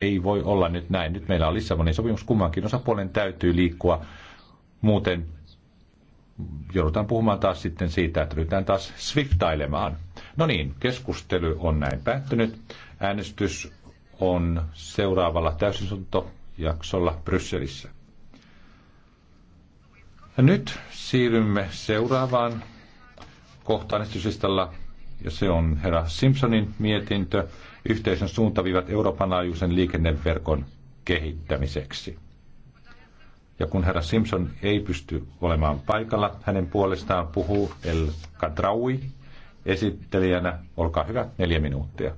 ei voi olla nyt näin. Nyt meillä on Lissabonin sopimus, kummankin osapuolen täytyy liikkua. Muuten joudutaan puhumaan taas sitten siitä, että ryhdytään taas swiftailemaan. No niin, keskustelu on näin päättynyt. Äänestys on seuraavalla täysisuntojaksolla Brysselissä. Ja nyt siirrymme seuraavaan kohtaan esityslistalla, ja se on herra Simpsonin mietintö yhteisön suuntaviivat Euroopan laajuisen liikenneverkon kehittämiseksi. Ja kun herra Simpson ei pysty olemaan paikalla, hänen puolestaan puhuu El Kadraui esittelijänä. Olkaa hyvä, neljä minuuttia.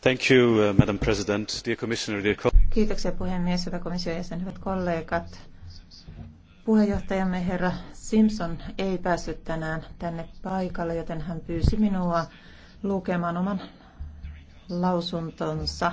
Thank you, uh, Madam President, dear Commissioner, dear Kiitoksia puhemies, hyvä komission jäsen, hyvät kollegat. Puheenjohtajamme herra Simpson ei päässyt tänään tänne paikalle, joten hän pyysi minua lukemaan oman lausuntonsa.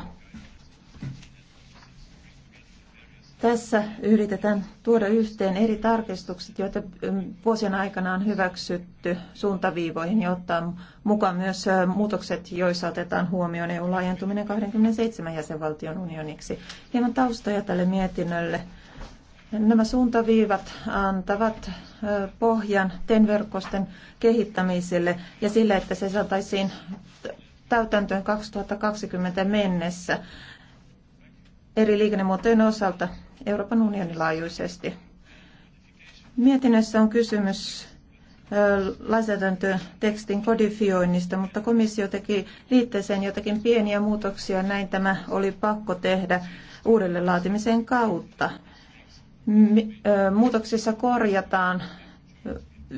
Tässä yritetään tuoda yhteen eri tarkistukset, joita mm, vuosien aikana on hyväksytty suuntaviivoihin ja ottaa mukaan myös muutokset, joissa otetaan huomioon EU-laajentuminen 27 jäsenvaltion unioniksi. Hieman taustoja tälle mietinnölle. Nämä suuntaviivat antavat pohjan TEN-verkosten kehittämiselle ja sillä, että se saataisiin täytäntöön 2020 mennessä eri liikennemuotojen osalta Euroopan unionin laajuisesti. Mietinnössä on kysymys lainsäädäntöön tekstin kodifioinnista, mutta komissio teki liitteeseen jotakin pieniä muutoksia. Näin tämä oli pakko tehdä uudelle laatimisen kautta. Muutoksissa korjataan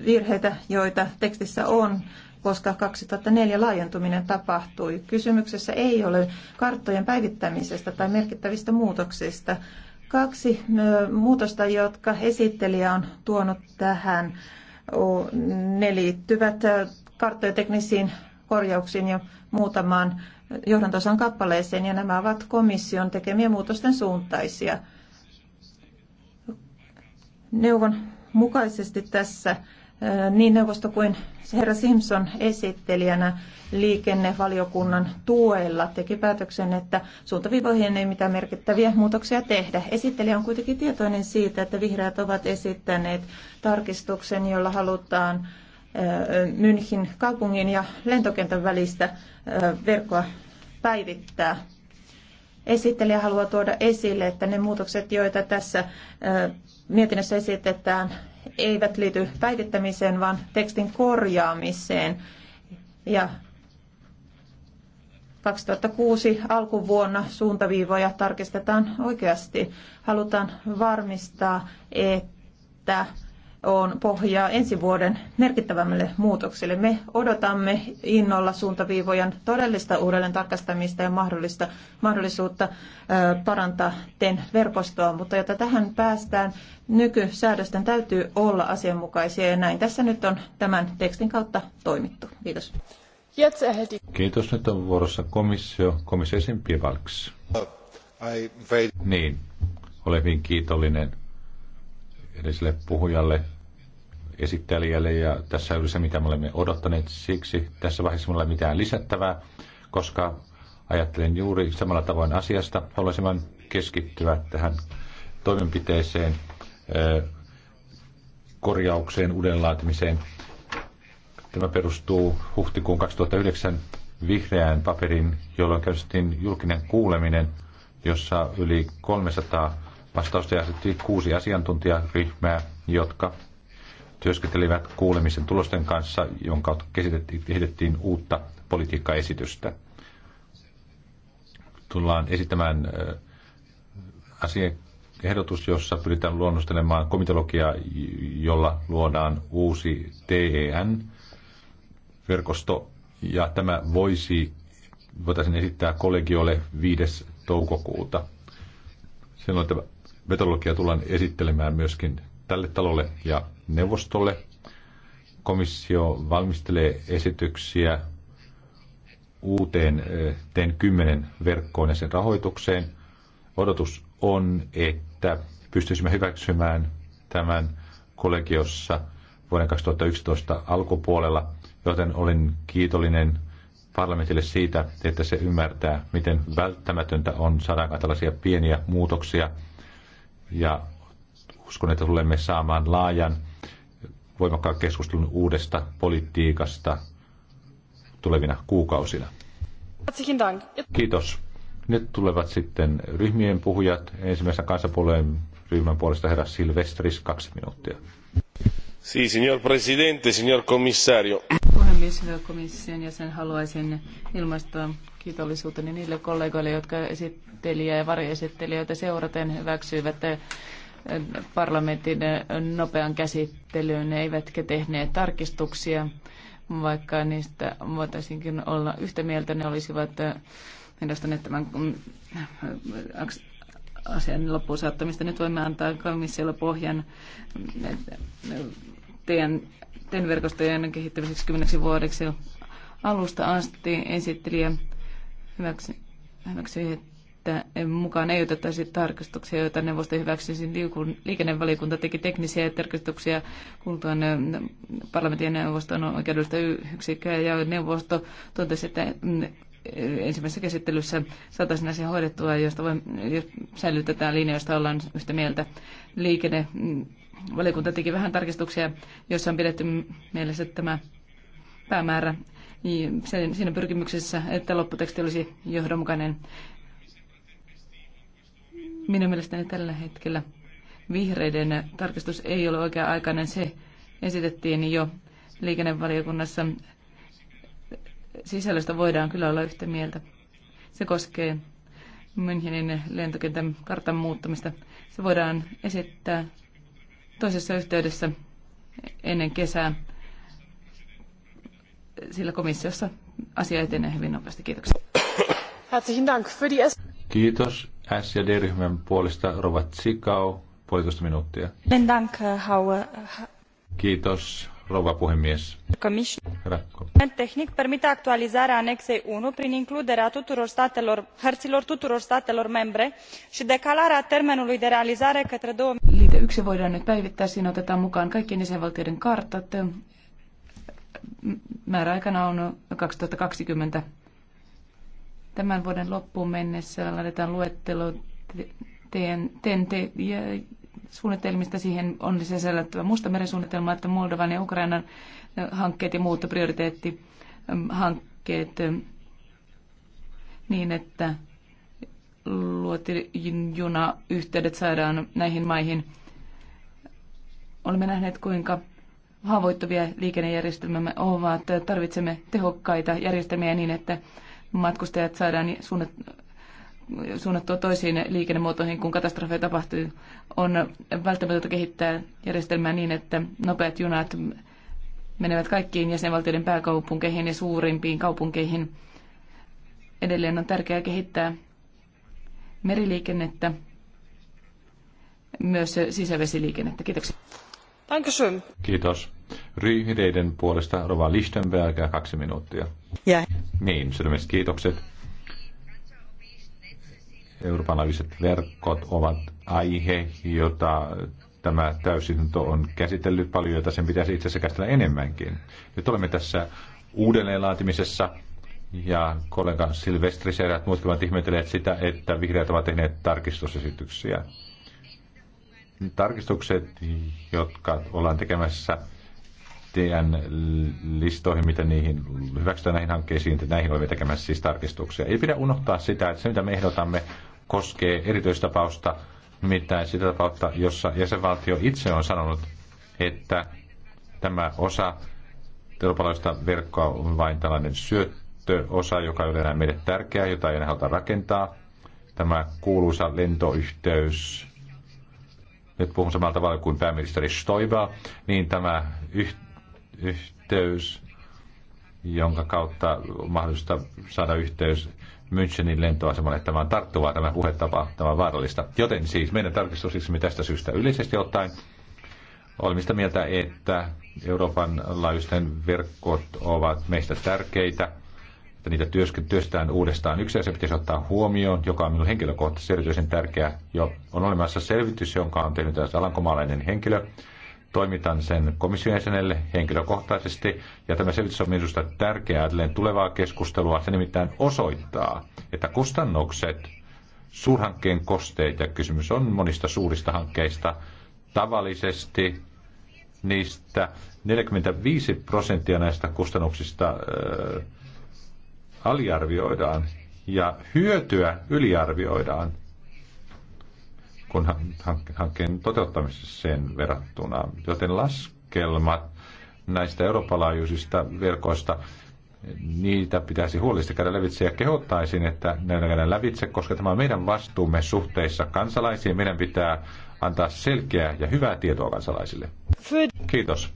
virheitä, joita tekstissä on, koska 2004 laajentuminen tapahtui. Kysymyksessä ei ole karttojen päivittämisestä tai merkittävistä muutoksista. Kaksi muutosta, jotka esittelijä on tuonut tähän, ne liittyvät karttojen korjauksiin ja muutamaan johdantosan kappaleeseen, ja nämä ovat komission tekemien muutosten suuntaisia. Neuvon mukaisesti tässä niin neuvosto kuin herra Simpson esittelijänä liikennevaliokunnan tuella teki päätöksen, että suuntaviivoihin ei mitään merkittäviä muutoksia tehdä. Esittelijä on kuitenkin tietoinen siitä, että vihreät ovat esittäneet tarkistuksen, jolla halutaan München kaupungin ja lentokentän välistä verkkoa päivittää. Esittelijä haluaa tuoda esille, että ne muutokset, joita tässä mietinnössä esitetään, eivät liity päivittämiseen, vaan tekstin korjaamiseen. Ja 2006 alkuvuonna suuntaviivoja tarkistetaan oikeasti. Halutaan varmistaa, että on pohjaa ensi vuoden merkittävämmille muutoksille. Me odotamme innolla suuntaviivojen todellista uudelleen tarkastamista ja mahdollista, mahdollisuutta parantaa TEN verkostoa, mutta jotta tähän päästään, nykysäädösten täytyy olla asianmukaisia ja näin tässä nyt on tämän tekstin kautta toimittu. Kiitos. Kiitos. Nyt on vuorossa komissio, komissiosin Pivalks. Niin, olen hyvin kiitollinen edelliselle puhujalle esittelijälle ja tässä ei se, mitä me olemme odottaneet. Siksi tässä vaiheessa ei ole mitään lisättävää, koska ajattelen juuri samalla tavoin asiasta. Haluaisin vain keskittyä tähän toimenpiteeseen, eh, korjaukseen, uudenlaatimiseen. Tämä perustuu huhtikuun 2009 vihreään paperin, jolloin käynnistettiin julkinen kuuleminen, jossa yli 300 vastausta ja kuusi asiantuntijaryhmää, jotka työskentelivät kuulemisen tulosten kanssa, jonka kehitettiin uutta politiikkaesitystä. Tullaan esittämään äh, asiaehdotus, jossa pyritään luonnostelemaan komitologiaa, jolla luodaan uusi TEN-verkosto, ja tämä voisi, voitaisiin esittää kollegiolle 5. toukokuuta. Silloin tämä metodologia tullaan esittelemään myöskin tälle talolle ja neuvostolle. Komissio valmistelee esityksiä uuteen TEN10 verkkoon ja sen rahoitukseen. Odotus on, että pystyisimme hyväksymään tämän kollegiossa vuoden 2011 alkupuolella, joten olen kiitollinen parlamentille siitä, että se ymmärtää, miten välttämätöntä on saada tällaisia pieniä muutoksia ja uskon, että tulemme saamaan laajan voimakkaan keskustelun uudesta politiikasta tulevina kuukausina. Kiitos. Nyt tulevat sitten ryhmien puhujat. Ensimmäisenä kansapuolueen ryhmän puolesta herra Silvestris, kaksi minuuttia. Si, signor presidente, signor commissario. Puhemies, hyvä komission jäsen, haluaisin ilmaista kiitollisuuteni niille kollegoille, jotka esittelijä ja varjoesittelijöitä seuraten hyväksyivät parlamentin nopean käsittelyyn, eivätkä tehneet tarkistuksia, vaikka niistä voitaisinkin olla yhtä mieltä, ne olisivat edustaneet eh, tämän mm, asian loppuun saattamista. Nyt voimme antaa komissiolle pohjan eh, teidän, teidän verkostojen kehittämiseksi kymmeneksi vuodeksi alusta asti esittelijä hyväksi että että mukaan ei otettaisi tarkastuksia, joita neuvosto hyväksyisi. Liikennevaliokunta teki teknisiä tarkastuksia kuultuaan parlamentin ja neuvoston oikeudellista yksikköä ja neuvosto totesi, että mm, ensimmäisessä käsittelyssä saataisiin asia hoidettua, josta voi, jos säilytetään linja, josta ollaan yhtä mieltä. Liikenne, mm, valiokunta teki vähän tarkistuksia, joissa on pidetty mielessä tämä päämäärä niin siinä pyrkimyksessä, että lopputeksti olisi johdonmukainen. Minun mielestäni tällä hetkellä vihreiden tarkistus ei ole oikea-aikainen. Se esitettiin jo liikennevaliokunnassa. Sisällöstä voidaan kyllä olla yhtä mieltä. Se koskee Münchenin lentokentän kartan muuttamista. Se voidaan esittää toisessa yhteydessä ennen kesää, sillä komissiossa asia etenee hyvin nopeasti. Kiitoksia. Kiitos. S- ja D-ryhmän puolesta Rova Tsikau, puolitoista minuuttia. Kiitos, rova puhemies. tehnic permite actualizarea anexei i prin includerea tuturor statelor membre decalarea termenului de realizare către. liite yksi voidaan nyt päivittää siinä otetaan mukaan kaikkien jäsenvaltioiden kartat määräaikana on 2020. Tämän vuoden loppuun mennessä laitetaan luettelo TNT-suunnitelmista. Siihen on sisällyttävä Mustameren suunnitelma, että Moldovan ja Ukrainan äh, hankkeet ja muut prioriteettihankkeet ähm, ähm, niin, että luotijunayhteydet saadaan näihin maihin. Olemme nähneet, kuinka haavoittuvia liikennejärjestelmämme ovat. Tarvitsemme tehokkaita järjestelmiä niin, että matkustajat saadaan suunnattua toisiin liikennemuotoihin, kun katastrofeja tapahtuu. On välttämätöntä kehittää järjestelmää niin, että nopeat junat menevät kaikkiin jäsenvaltioiden pääkaupunkeihin ja suurimpiin kaupunkeihin. Edelleen on tärkeää kehittää meriliikennettä, myös sisävesiliikennettä. Kiitoksia. Kiitos. Kiitos. Ryhdeiden puolesta Rova Lichtenberg, kaksi minuuttia. Yeah. Niin, sydämiset kiitokset. Euroopan laajuiset verkot ovat aihe, jota tämä täysistunto on käsitellyt paljon, jota sen pitäisi itse asiassa käsitellä enemmänkin. Nyt olemme tässä uudelleenlaatimisessa ja kollega Silvestri ja eräät muutkin ovat ihmetelleet sitä, että vihreät ovat tehneet tarkistusesityksiä. Tarkistukset, jotka ollaan tekemässä teidän listoihin, miten niihin hyväksytään näihin hankkeisiin, että näihin olemme tekemässä siis tarkistuksia. Ei pidä unohtaa sitä, että se mitä me ehdotamme koskee erityistapausta, nimittäin sitä tapautta, jossa jäsenvaltio itse on sanonut, että tämä osa eurooppalaista verkkoa on vain tällainen syöttöosa, joka ei ole enää meille tärkeä, jota ei enää haluta rakentaa. Tämä kuuluisa lentoyhteys, nyt puhun samalla tavalla kuin pääministeri Stoiba, niin tämä yhteys yhteys, jonka kautta on mahdollista saada yhteys Münchenin lentoasemalle. Tämä on tarttuvaa, tämä puhetapa, tämä on vaarallista. Joten siis meidän tarkistusiksemme tästä syystä yleisesti ottaen olemme sitä mieltä, että Euroopan laajuisten verkot ovat meistä tärkeitä, että niitä työstetään uudestaan. Yksi asia pitäisi ottaa huomioon, joka on minun henkilökohtaisesti erityisen tärkeä. Jo on olemassa selvitys, jonka on tehnyt alankomaalainen henkilö, toimitan sen komission jäsenelle henkilökohtaisesti. Ja tämä selvitys on minusta tärkeää ajatellen tulevaa keskustelua. Se nimittäin osoittaa, että kustannukset, suurhankkeen kosteet ja kysymys on monista suurista hankkeista, tavallisesti niistä 45 prosenttia näistä kustannuksista äh, aliarvioidaan ja hyötyä yliarvioidaan kun hankkeen sen verrattuna. Joten laskelmat näistä laajuisista verkoista, niitä pitäisi huolellisesti käydä lävitse ja kehottaisin, että ne käydään lävitse, koska tämä on meidän vastuumme suhteissa kansalaisiin. Meidän pitää antaa selkeää ja hyvää tietoa kansalaisille. Kiitos.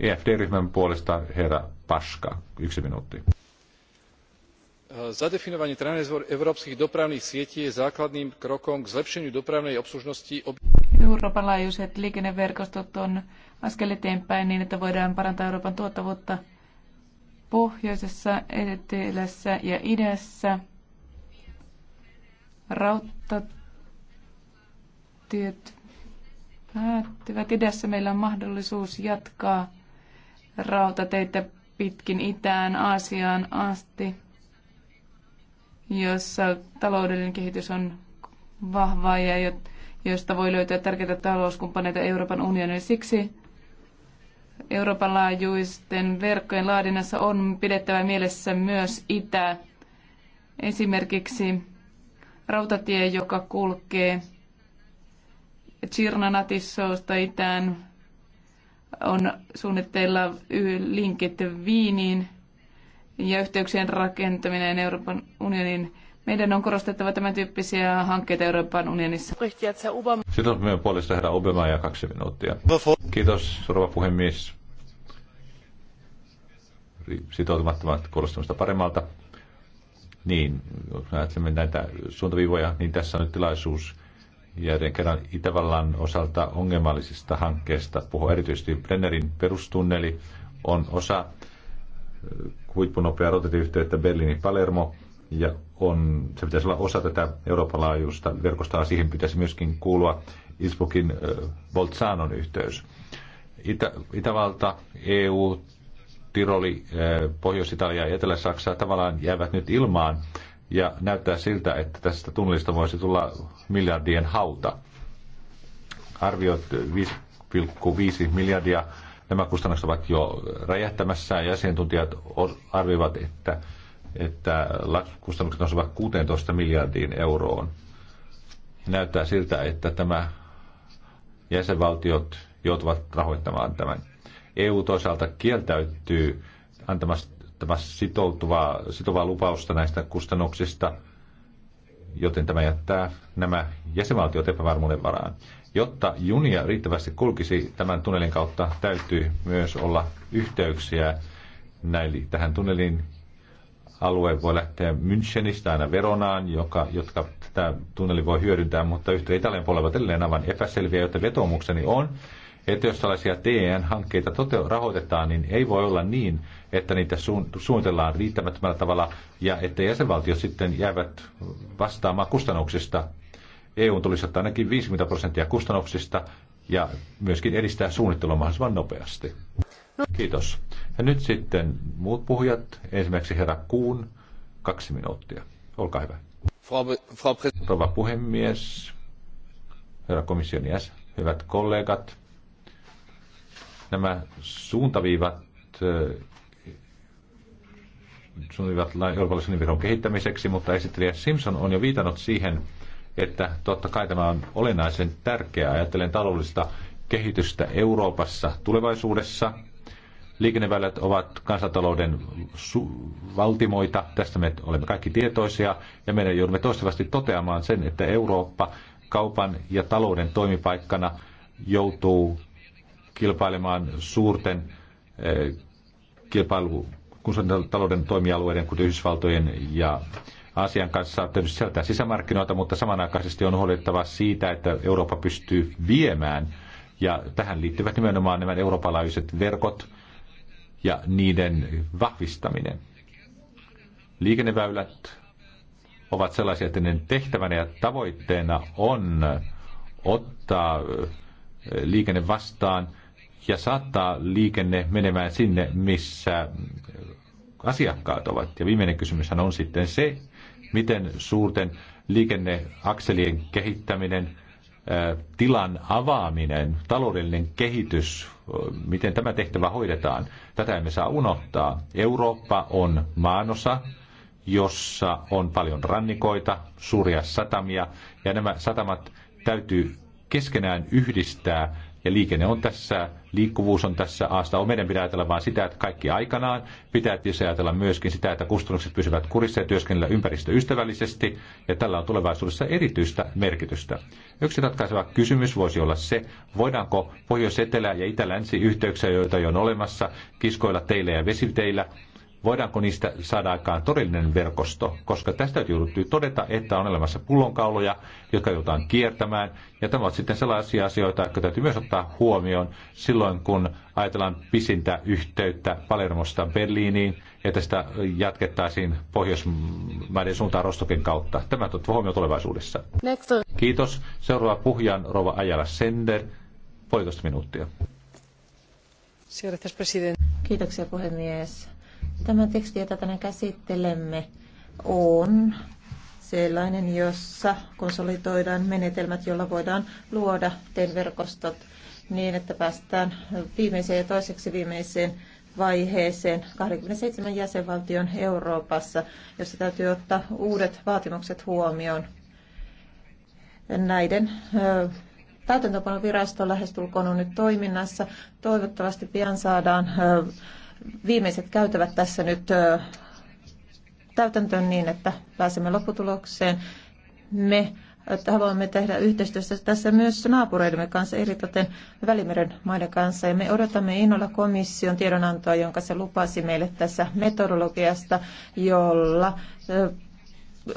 EFD-ryhmän puolesta herra Paska, yksi minuutti. E, zadefinovanie transeurópskych dopravných sietí je základným krokom k zlepšeniu dopravnej obslužnosti Euroopan laajuiset liikenneverkostot on askel eteenpäin niin, että voidaan parantaa Euroopan tuottavuutta pohjoisessa, etelässä ja idässä. Rautatiet päättyvät. Idässä meillä on mahdollisuus jatkaa rautateitä pitkin itään Aasiaan asti jossa taloudellinen kehitys on vahvaa ja josta voi löytyä tärkeitä talouskumppaneita Euroopan unionille. Siksi Euroopan laajuisten verkkojen laadinnassa on pidettävä mielessä myös itä. Esimerkiksi rautatie, joka kulkee Chirnanatissousta itään, on suunnitteilla linkit Viiniin ja yhteyksien rakentaminen Euroopan unionin meidän on korostettava tämän tyyppisiä hankkeita Euroopan unionissa. Sitten meidän puolesta herra Obama ja kaksi minuuttia. Kiitos, rouva puhemies. Sitoutumattomat kuulostamista paremmalta. Niin, jos ajattelemme näitä suuntaviivoja, niin tässä on nyt tilaisuus jälleen kerran Itävallan osalta ongelmallisista hankkeista puhua. Erityisesti Brennerin perustunneli on osa huippunopea rautatieyhteyttä Berliini-Palermo, ja on, se pitäisi olla osa tätä Euroopan laajuista verkostoa. Siihen pitäisi myöskin kuulua Innsbruckin äh, Boltsanon yhteys. Itä, Itävalta, EU, Tiroli, äh, Pohjois-Italia ja Etelä-Saksa tavallaan jäävät nyt ilmaan ja näyttää siltä, että tästä tunnelista voisi tulla miljardien hauta. Arviot 5,5 miljardia Nämä kustannukset ovat jo räjähtämässä ja asiantuntijat arvioivat, että, että kustannukset nousevat 16 miljardiin euroon. Näyttää siltä, että tämä jäsenvaltiot joutuvat rahoittamaan tämän. EU toisaalta kieltäytyy antamasta sitoutuvaa, sitovaa lupausta näistä kustannuksista – joten tämä jättää nämä jäsenvaltiot epävarmuuden varaan. Jotta junia riittävästi kulkisi tämän tunnelin kautta, täytyy myös olla yhteyksiä näin, tähän tunnelin alue voi lähteä Münchenistä aina Veronaan, joka, jotka tätä tunneli voi hyödyntää, mutta yhtä Italian puolella on edelleen aivan epäselviä, joten vetoomukseni on, että jos tällaisia TEN-hankkeita tote- rahoitetaan, niin ei voi olla niin, että niitä suun- suunnitellaan riittämättömällä tavalla ja että jäsenvaltiot sitten jäävät vastaamaan kustannuksista. EU tulisi ottaa ainakin 50 prosenttia kustannuksista ja myöskin edistää suunnittelua mahdollisimman nopeasti. No. Kiitos. Ja nyt sitten muut puhujat. Esimerkiksi herra Kuun, kaksi minuuttia. Olkaa hyvä. Rouva puhemies, herra komission jäsen, hyvät kollegat. Nämä suuntaviivat suunnivat eurooppalaisen viron kehittämiseksi, mutta esittelijä Simpson on jo viitannut siihen, että totta kai tämä on olennaisen tärkeää. Ajattelen taloudellista kehitystä Euroopassa tulevaisuudessa. Liikenneväylät ovat kansantalouden valtimoita, tästä me olemme kaikki tietoisia, ja meidän joudumme toistuvasti toteamaan sen, että Eurooppa kaupan ja talouden toimipaikkana joutuu kilpailemaan suurten eh, kilpailu, talouden toimialueiden, kuten Yhdysvaltojen ja Aasian kanssa tietysti sieltä sisämarkkinoita, mutta samanaikaisesti on huolehdittava siitä, että Eurooppa pystyy viemään. Ja tähän liittyvät nimenomaan nämä eurooppalaiset verkot ja niiden vahvistaminen. Liikenneväylät ovat sellaisia, että niiden tehtävänä ja tavoitteena on ottaa eh, liikenne vastaan – ja saattaa liikenne menemään sinne, missä asiakkaat ovat. Ja viimeinen kysymys on sitten se, miten suurten liikenneakselien kehittäminen, tilan avaaminen, taloudellinen kehitys, miten tämä tehtävä hoidetaan. Tätä emme saa unohtaa. Eurooppa on maanosa, jossa on paljon rannikoita, suuria satamia, ja nämä satamat täytyy keskenään yhdistää, ja liikenne on tässä liikkuvuus on tässä aasta. Meidän pitää ajatella vain sitä, että kaikki aikanaan pitää tietysti ajatella myöskin sitä, että kustannukset pysyvät kurissa ja työskennellä ympäristöystävällisesti, ja tällä on tulevaisuudessa erityistä merkitystä. Yksi ratkaiseva kysymys voisi olla se, voidaanko pohjois-etelä- ja itä-länsi-yhteyksiä, joita jo on olemassa, kiskoilla teillä ja vesiteillä, voidaanko niistä saada aikaan todellinen verkosto, koska tästä joutuu todeta, että on olemassa pullonkauloja, jotka joudutaan kiertämään, ja tämä on sitten sellaisia asioita, jotka täytyy myös ottaa huomioon silloin, kun ajatellaan pisintä yhteyttä Palermosta Berliiniin, ja tästä jatkettaisiin Pohjoismaiden suuntaan Rostokin kautta. Tämä on huomioon tulevaisuudessa. Next. Kiitos. Seuraava puhujan Rova Ajala Sender, puolitoista minuuttia. Kiitoksia puhemies. Tämä teksti, jota tänään käsittelemme, on sellainen, jossa konsolidoidaan menetelmät, joilla voidaan luoda TEN-verkostot niin, että päästään viimeiseen ja toiseksi viimeiseen vaiheeseen 27 jäsenvaltion Euroopassa, jossa täytyy ottaa uudet vaatimukset huomioon. Näiden täytäntöpanovirasto lähestulkoon on nyt toiminnassa. Toivottavasti pian saadaan viimeiset käytävät tässä nyt täytäntöön niin, että pääsemme lopputulokseen. Me että haluamme tehdä yhteistyössä tässä myös naapureidemme kanssa, eritoten Välimeren maiden kanssa. Ja me odotamme innolla komission tiedonantoa, jonka se lupasi meille tässä metodologiasta, jolla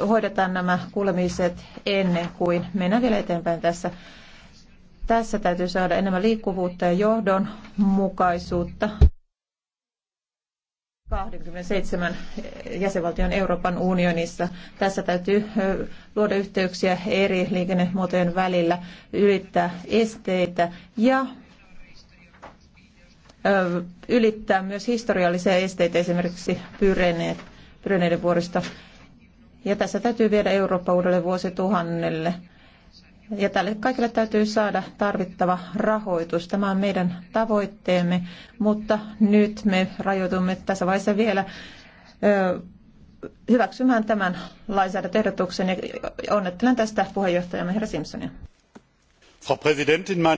hoidetaan nämä kuulemiset ennen kuin mennään vielä eteenpäin tässä. Tässä täytyy saada enemmän liikkuvuutta ja johdonmukaisuutta. 27 jäsenvaltion Euroopan unionissa. Tässä täytyy luoda yhteyksiä eri liikennemuotojen välillä, ylittää esteitä ja ylittää myös historiallisia esteitä, esimerkiksi pyreneiden vuorista. Ja tässä täytyy viedä Eurooppa uudelle vuosituhannelle. Ja tälle kaikille täytyy saada tarvittava rahoitus. Tämä on meidän tavoitteemme, mutta nyt me rajoitumme tässä vaiheessa vielä hyväksymään tämän lainsäädäntöehdotuksen ja onnettelen tästä puheenjohtajamme herra Simpsonia. Frau Präsidentin, mein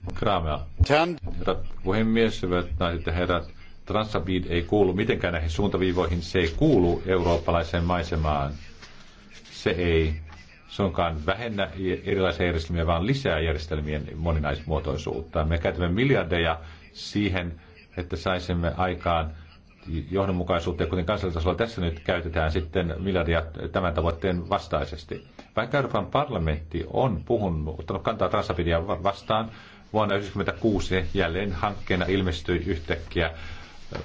Herren. Herra puhemies, hyvät naiset ja herrat, Transabid ei kuulu mitenkään näihin suuntaviivoihin, se ei kuulu eurooppalaiseen maisemaan. Se ei suinkaan vähennä erilaisia järjestelmiä, vaan lisää järjestelmien moninaismuotoisuutta. Me käytämme miljardeja siihen, että saisimme aikaan johdonmukaisuutta, ja kuten kansallisella tässä nyt käytetään sitten miljardia tämän tavoitteen vastaisesti. Vaikka Euroopan parlamentti on puhunut, ottanut kantaa transapidia vastaan, vuonna 1996 jälleen hankkeena ilmestyi yhtäkkiä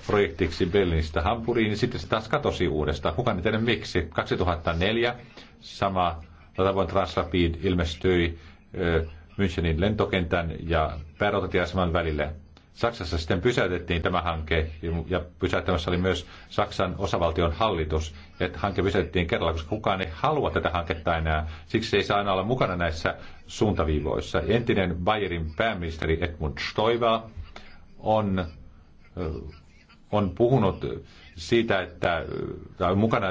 projektiksi Berliinistä Hampuriin, niin sitten se taas katosi uudestaan. Kukaan ei tiedä miksi. 2004 sama Tavoin Transrapid ilmestyi Münchenin lentokentän ja päärautatieaseman välille. Saksassa sitten pysäytettiin tämä hanke ja pysäyttämässä oli myös Saksan osavaltion hallitus, että hanke pysäytettiin kerralla, koska kukaan ei halua tätä hanketta enää. Siksi se ei saa aina olla mukana näissä suuntaviivoissa. Entinen Bayerin pääministeri Edmund Stoiber on on puhunut siitä, että tai mukana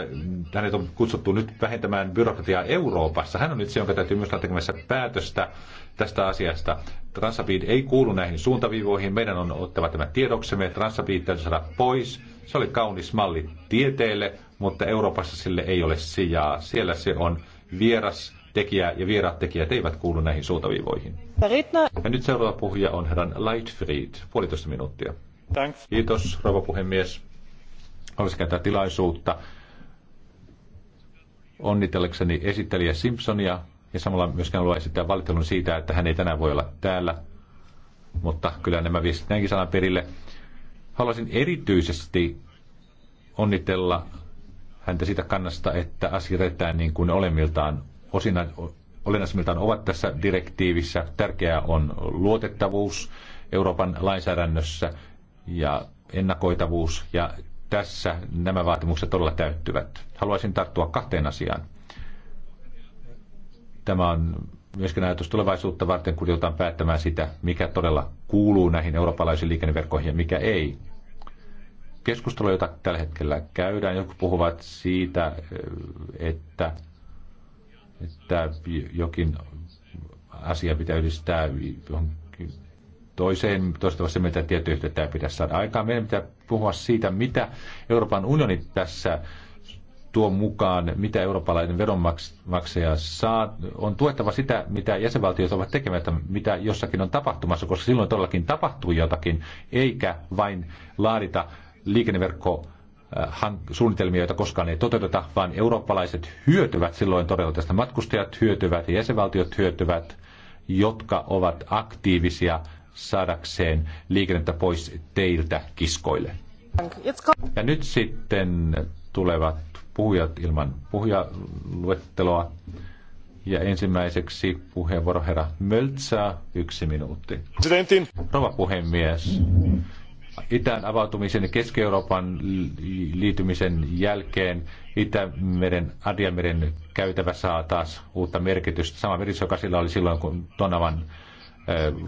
hänet on kutsuttu nyt vähentämään byrokratiaa Euroopassa. Hän on nyt se, jonka täytyy myös olla tekemässä päätöstä tästä asiasta. Transabid ei kuulu näihin suuntaviivoihin. Meidän on ottava tämä tiedoksemme. Transabid täytyy saada pois. Se oli kaunis malli tieteelle, mutta Euroopassa sille ei ole sijaa. Siellä se on vieras tekijä ja vieraat tekijät eivät kuulu näihin suuntaviivoihin. Ja nyt seuraava puhuja on herran Lightfried, puolitoista minuuttia. Thanks. Kiitos, rouva puhemies. Haluaisin käyttää tilaisuutta onnitellekseni esittelijä Simpsonia ja samalla myöskään haluan esittää valittelun siitä, että hän ei tänään voi olla täällä, mutta kyllä nämä viestit näinkin sanan perille. Haluaisin erityisesti onnitella häntä siitä kannasta, että asia edetään niin kuin olemiltaan osina, olennaisimmiltaan ovat tässä direktiivissä. Tärkeää on luotettavuus Euroopan lainsäädännössä ja ennakoitavuus, ja tässä nämä vaatimukset todella täyttyvät. Haluaisin tarttua kahteen asiaan. Tämä on myöskin ajatus tulevaisuutta varten, kun joudutaan päättämään sitä, mikä todella kuuluu näihin eurooppalaisiin liikenneverkkoihin ja mikä ei. Keskustelu, jota tällä hetkellä käydään, jotkut puhuvat siitä, että, että jokin asia pitää yhdistää toiseen, toivottavasti meitä tiettyä yhteyttä pidä saada aikaan. Meidän pitää puhua siitä, mitä Euroopan unioni tässä tuo mukaan, mitä eurooppalainen veronmaksaja saa. On tuettava sitä, mitä jäsenvaltiot ovat tekemättä, mitä jossakin on tapahtumassa, koska silloin todellakin tapahtuu jotakin, eikä vain laadita liikenneverkko äh, suunnitelmia, joita koskaan ei toteuteta, vaan eurooppalaiset hyötyvät silloin todella tästä. Matkustajat hyötyvät ja jäsenvaltiot hyötyvät, jotka ovat aktiivisia – saadakseen liikennettä pois teiltä kiskoille. Ja nyt sitten tulevat puhujat ilman puhujaluetteloa. Ja ensimmäiseksi puheenvuoro herra Möltsää, yksi minuutti. Presidentin. Rova puhemies. Itään avautumisen ja Keski-Euroopan liitymisen jälkeen Itämeren, Adiameren käytävä saa taas uutta merkitystä. Sama merkitys, joka sillä oli silloin, kun Tonavan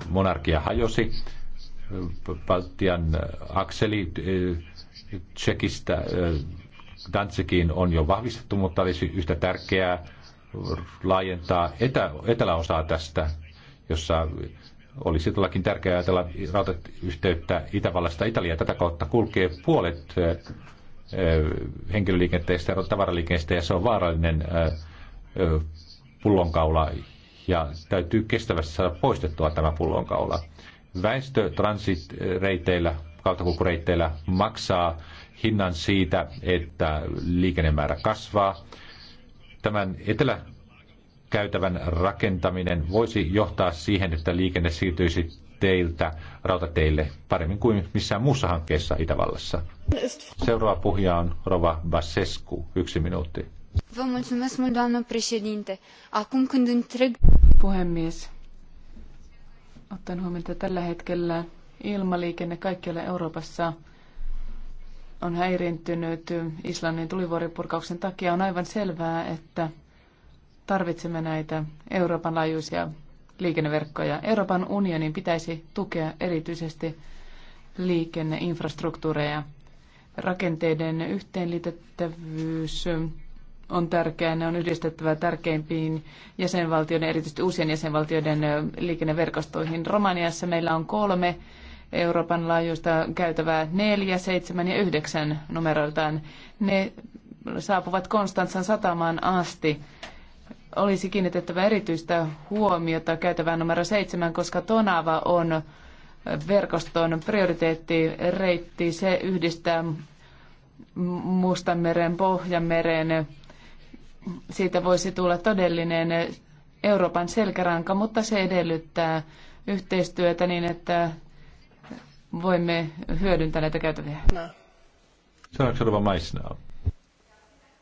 monarkia hajosi. Baltian akseli Tsekistä Dantsikiin on jo vahvistettu, mutta olisi yhtä tärkeää laajentaa etä, eteläosaa tästä, jossa olisi todellakin tärkeää ajatella rautayhteyttä Itävallasta Italiaan. Tätä kautta kulkee puolet henkilöliikenteestä ja tavaraliikenteestä ja se on vaarallinen pullonkaula, ja täytyy kestävästi saada poistettua tämä pullonkaula. Väestö transitreiteillä, kauttakulkureitteillä maksaa hinnan siitä, että liikennemäärä kasvaa. Tämän etelä käytävän rakentaminen voisi johtaa siihen, että liikenne siirtyisi teiltä rautateille paremmin kuin missään muussa hankkeessa Itävallassa. Seuraava puhuja on Rova Basescu. Yksi minuutti. Vă mulțumesc mult, doamnă președinte. Acum când întreg puhemies. Ottaen huomioon, että tällä hetkellä ilmaliikenne kaikkialla Euroopassa on häirintynyt Islannin tulivuoripurkauksen takia, on aivan selvää, että tarvitsemme näitä Euroopan laajuisia liikenneverkkoja. Euroopan unionin pitäisi tukea erityisesti liikenneinfrastruktuureja. Rakenteiden yhteenliitettävyys on tärkeää. Ne on yhdistettävä tärkeimpiin jäsenvaltioiden, erityisesti uusien jäsenvaltioiden liikenneverkostoihin. Romaniassa meillä on kolme Euroopan laajuista käytävää neljä, seitsemän ja yhdeksän numeroiltaan. Ne saapuvat Konstantsan satamaan asti. Olisi kiinnitettävä erityistä huomiota käytävään numero seitsemän, koska Tonava on verkoston prioriteettireitti. Se yhdistää Mustanmeren, Pohjanmeren, siitä voisi tulla todellinen Euroopan selkäranka, mutta se edellyttää yhteistyötä niin, että voimme hyödyntää näitä käytäviä. No. Seuraavaksi rouva Maisnaa.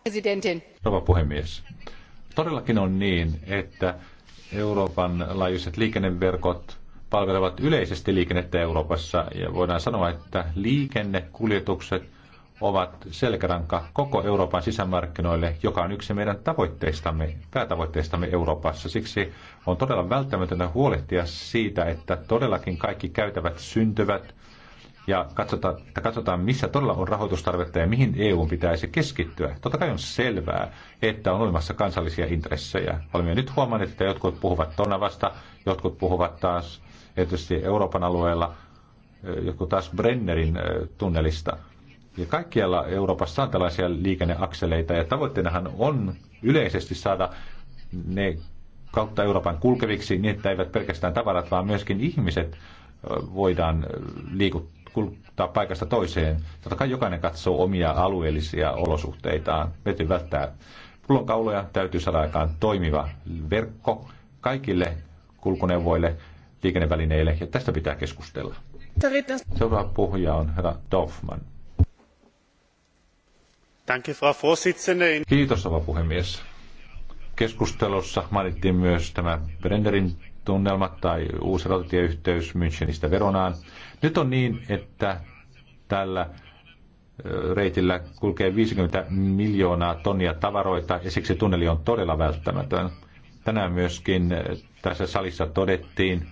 Presidentin. Rouva puhemies. Todellakin on niin, että Euroopan laajuiset liikenneverkot palvelevat yleisesti liikennettä Euroopassa ja voidaan sanoa, että liikennekuljetukset ovat selkäranka koko Euroopan sisämarkkinoille, joka on yksi meidän tavoitteistamme, päätavoitteistamme Euroopassa. Siksi on todella välttämätöntä huolehtia siitä, että todellakin kaikki käytävät syntyvät ja katsotaan, että katsotaan, missä todella on rahoitustarvetta ja mihin EU pitäisi keskittyä. Totta kai on selvää, että on olemassa kansallisia intressejä. Olemme nyt huomanneet, että jotkut puhuvat Tonavasta, jotkut puhuvat taas erityisesti Euroopan alueella, eh, jotkut taas Brennerin eh, tunnelista – ja kaikkialla Euroopassa on tällaisia liikenneakseleita ja tavoitteenahan on yleisesti saada ne kautta Euroopan kulkeviksi niin, että eivät pelkästään tavarat, vaan myöskin ihmiset voidaan liikuttaa paikasta toiseen. Totta kai jokainen katsoo omia alueellisia olosuhteitaan. Täytyy välttää pullonkauloja, täytyy saada aikaan toimiva verkko kaikille kulkuneuvoille, liikennevälineille, ja tästä pitää keskustella. Seuraava puhuja on herra Dorfman. Kiitos, rouva puhemies. Keskustelussa mainittiin myös tämä Brenderin tunnelma tai uusi rautatieyhteys Münchenistä Veronaan. Nyt on niin, että tällä reitillä kulkee 50 miljoonaa tonnia tavaroita ja siksi tunneli on todella välttämätön. Tänään myöskin tässä salissa todettiin,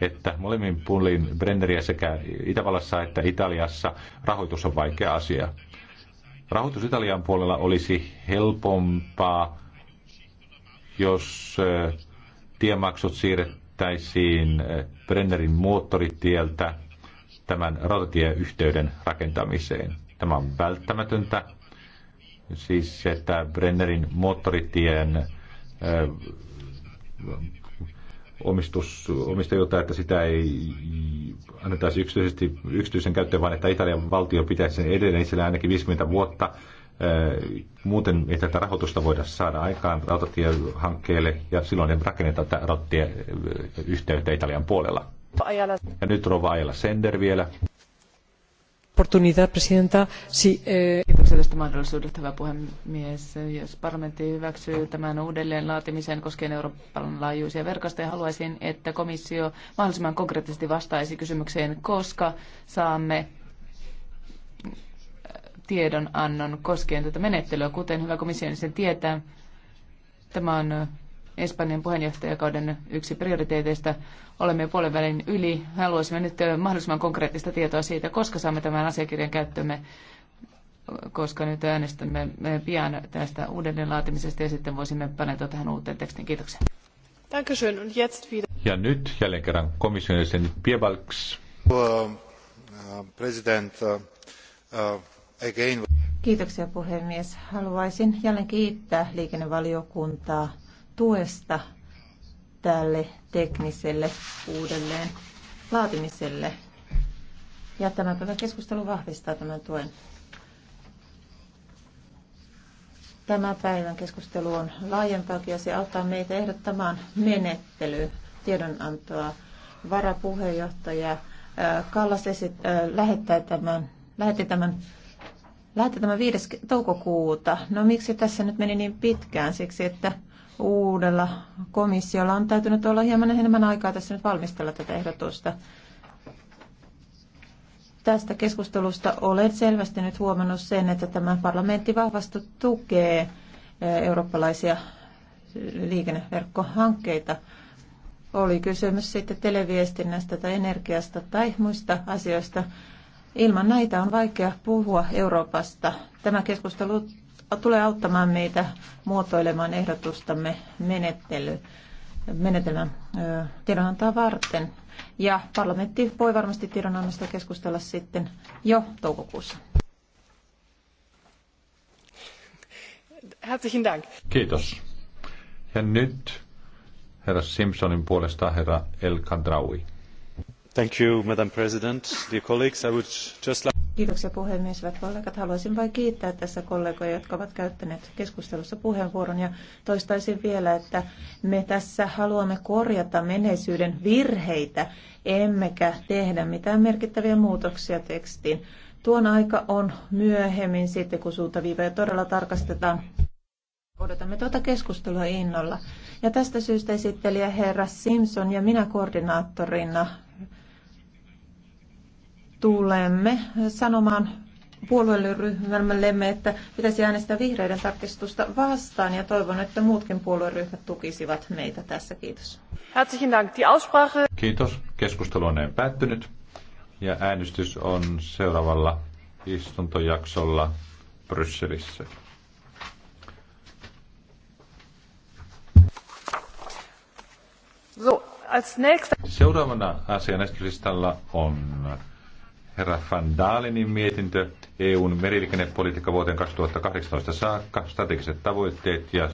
että molemmin puolin Brenneriä sekä Itävallassa että Italiassa rahoitus on vaikea asia rahoitus Italian puolella olisi helpompaa, jos tiemaksut siirrettäisiin Brennerin moottoritieltä tämän rautatieyhteyden rakentamiseen. Tämä on välttämätöntä, siis että Brennerin moottoritien omistus, omistajuutta, että sitä ei annettaisiin yksityisesti, yksityisen käyttöön, vaan että Italian valtio pitäisi sen edelleen sillä ainakin 50 vuotta. Muuten ei tätä rahoitusta voida saada aikaan rautatiehankkeelle ja silloin ei rakenneta tätä rautatieyhteyttä Italian puolella. Ja nyt Rova Ajala Sender vielä. Oportunidad, presidenta. Sí, eh sosiaalista mahdollisuudet, hyvä puhemies. Jos parlamentti hyväksyy tämän uudelleen laatimisen koskien Euroopan laajuisia verkostoja, haluaisin, että komissio mahdollisimman konkreettisesti vastaisi kysymykseen, koska saamme äh, tiedonannon koskien tätä menettelyä. Kuten hyvä komissio niin sen tietää, tämä on äh, Espanjan puheenjohtajakauden yksi prioriteeteista. Olemme jo puolen välin yli. Haluaisimme nyt äh, mahdollisimman konkreettista tietoa siitä, koska saamme tämän asiakirjan käyttöömme koska nyt äänestämme pian tästä uudelleenlaatimisesta ja sitten voisimme paneutua tähän uuteen tekstiin. Kiitoksia. Dankeschön. Und jetzt wieder. Ja nyt jälleen kerran komission jäsen Piebalgs. President, again. Kiitoksia puhemies. Haluaisin jälleen kiittää liikennevaliokuntaa tuesta tälle tekniselle uudelleen laatimiselle. Ja tämä keskustelu vahvistaa tämän tuen. Tämä päivän keskustelu on laajempaakin ja se auttaa meitä ehdottamaan menettely tiedonantoa. Varapuheenjohtaja äh, Kallas esit, äh, lähettää tämän, lähetti tämän Lähetti tämä 5. toukokuuta. No miksi tässä nyt meni niin pitkään? Siksi, että uudella komissiolla on täytynyt olla hieman enemmän aikaa tässä nyt valmistella tätä ehdotusta tästä keskustelusta olen selvästi nyt huomannut sen, että tämä parlamentti vahvasti tukee eh, eurooppalaisia liikenneverkkohankkeita. Oli kysymys sitten televiestinnästä tai energiasta tai muista asioista. Ilman näitä on vaikea puhua Euroopasta. Tämä keskustelu tulee auttamaan meitä muotoilemaan ehdotustamme menettely, menetelmän eh, tiedonantaa varten ja parlamentti voi varmasti tiedonannosta keskustella sitten jo toukokuussa. Kiitos. Ja nyt herra Simpsonin puolesta herra El Kadraoui. Thank you, Madam President. Dear colleagues, I would just like... Kiitoksia puhemies, hyvät kollegat. Haluaisin vain kiittää tässä kollegoja, jotka ovat käyttäneet keskustelussa puheenvuoron. Ja toistaisin vielä, että me tässä haluamme korjata menneisyyden virheitä, emmekä tehdä mitään merkittäviä muutoksia tekstiin. Tuon aika on myöhemmin sitten, kun suuntaviivoja todella tarkastetaan. Odotamme tuota keskustelua innolla. Ja tästä syystä esittelijä herra Simpson ja minä koordinaattorina tulemme sanomaan puolueryhmällemme, että pitäisi äänestää vihreiden tarkistusta vastaan ja toivon, että muutkin puolueryhmät tukisivat meitä tässä. Kiitos. Herzlichen Dank. Die Aussprache. Kiitos. Keskustelu on päättynyt ja äänestys on seuraavalla istuntojaksolla Brysselissä. So, als nächste... Seuraavana asian on herra Van Dalenin mietintö EUn meriliikennepolitiikka vuoteen 2018 saakka, strategiset tavoitteet ja